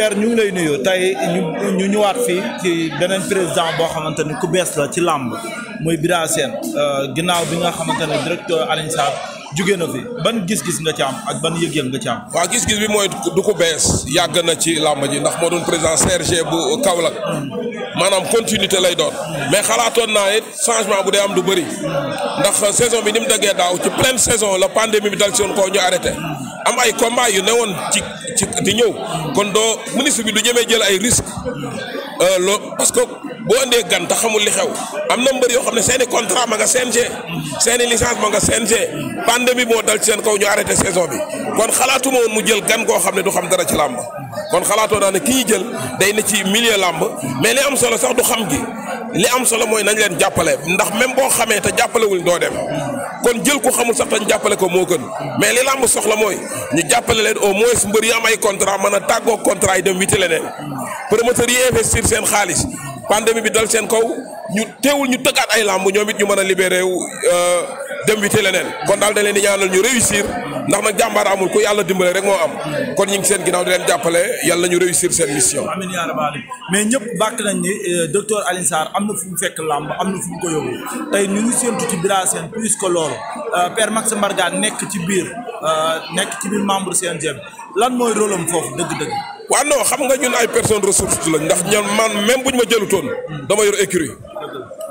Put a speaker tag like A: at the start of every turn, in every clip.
A: père ñu ngi lay nuyu tey ñu ñu ñëwaat fii ci beneen président boo xamante ni ku bees la ci làmb muy Bira Sène euh, ginnaaw
B: bi nga xamante ne directeur Alioune Sarr jóge na fi ban gis-gis nga ci ak ban yëg-yëg nga ci am. gis-gis bi mooy du ko bees yàgg na ci làmb ji ndax moo doon président CRG bu Kaolack hmm. maanaam continuité lay doon hmm. mais xalaatoon naa it changement bu dee am du bëri hmm. ndax saison bi ni daggee daaw ci pleine saison la pandémie bi dal ci woon koo ñu am ay combat yu newoon ci ci di ñëw kon doo ministre bi du ñemee jël ay risques. Euh, loo parce que boo andee gan te xamul li xew am na mbër yoo xam ne seen i contrat ma nga CNG seen i licence ma nga CNG pandémie moo dal ci seen kaw ñu arrêté saison bi kon xalaatuma woon mu jël gan koo xam ne du xam dara ci làmb kon xalaatoo naa ne ki ñuy jël day ne ci milieu làmb mais li am solo sax du xam gi li am solo mooy nañ leen jàppale ndax même boo xamee te jàppalewuñ doo dem kon jël ku xamul sax te jàppale ko moo gën mais li làmb soxla mooy ñu jàppale leen au moins mbër yi am ay contrat mën a tàggoo contrat yi dem witi leneen promoteurs yi investir seen xaalis pandémie bi dal seen kaw ñu teewul ñu tëggaat ay làmb ñoomit ñu mën a libéré wu euh, dem wite leneen kon daal de leen di ñaanal ñu réussir ndax nag jàmbaar amul ku yàlla dimbale rek moo am kon ñu ngi seen ginnaaw di leen jàppale yàlla ñu réussir seen mission. amiin
A: yaa rabbal mais ñëpp bàkk nañ ni euh, docteur Alioune Sarr am na fu mu fekk làmb am na fu mu ko yóbbu tey ñu seen tu ci bira seen plus ko loolu euh, Père Max Mbargane nekk ci biir. Euh, nekk ci biir membre CNG bi
B: lan mooy rôle am foofu dëgg-dëgg. waaw xam nga ñun ay personnes ressources lañ ndax ñoom man même bu ñu ma jëlutoon dama yor écurie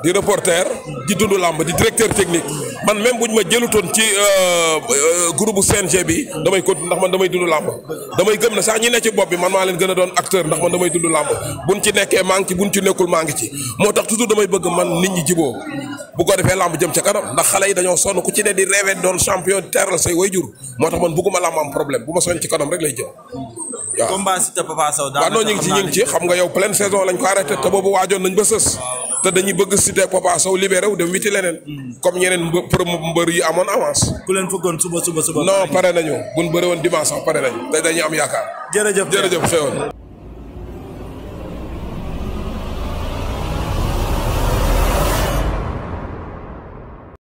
B: di reporter di dund làmb di directeur technique man même bu ñu ma jëlutoon ci euh, euh, groupe CNG bi damay ko ndax man damay dund làmb damay gëm na sax ñi ne ci bopp bi man maa a doon acteur ndax man ngi ci nekkul maa ci moo tax toujours damay bëgg man ni ñi jiboo bu ko defee làmb jëm ca kanam ndax xale yi dañoo sonn ku ci ne di rêvé doon champion teral say wayjur moo tax man bëgguma làmb am problème bu ma soñ ci kanam rek lay jëm
A: waaw combat Siteu Papa Sow waaw noonu ñu ngi ci ñu ngi ci xam nga
B: yow pleine saison lañ ko arrêté te boobu waajoon te dañuy bëgg Siteu Papa Sow libéré wu dem witi leneen. comme ñeneen mbër yi amoon avance. ku leen fëggoon suba suba suba. non pare nañu bu ñu woon dimanche sax pare nañu. te dañuy am yaakaar. jërëjëf jërëjëf xewoon.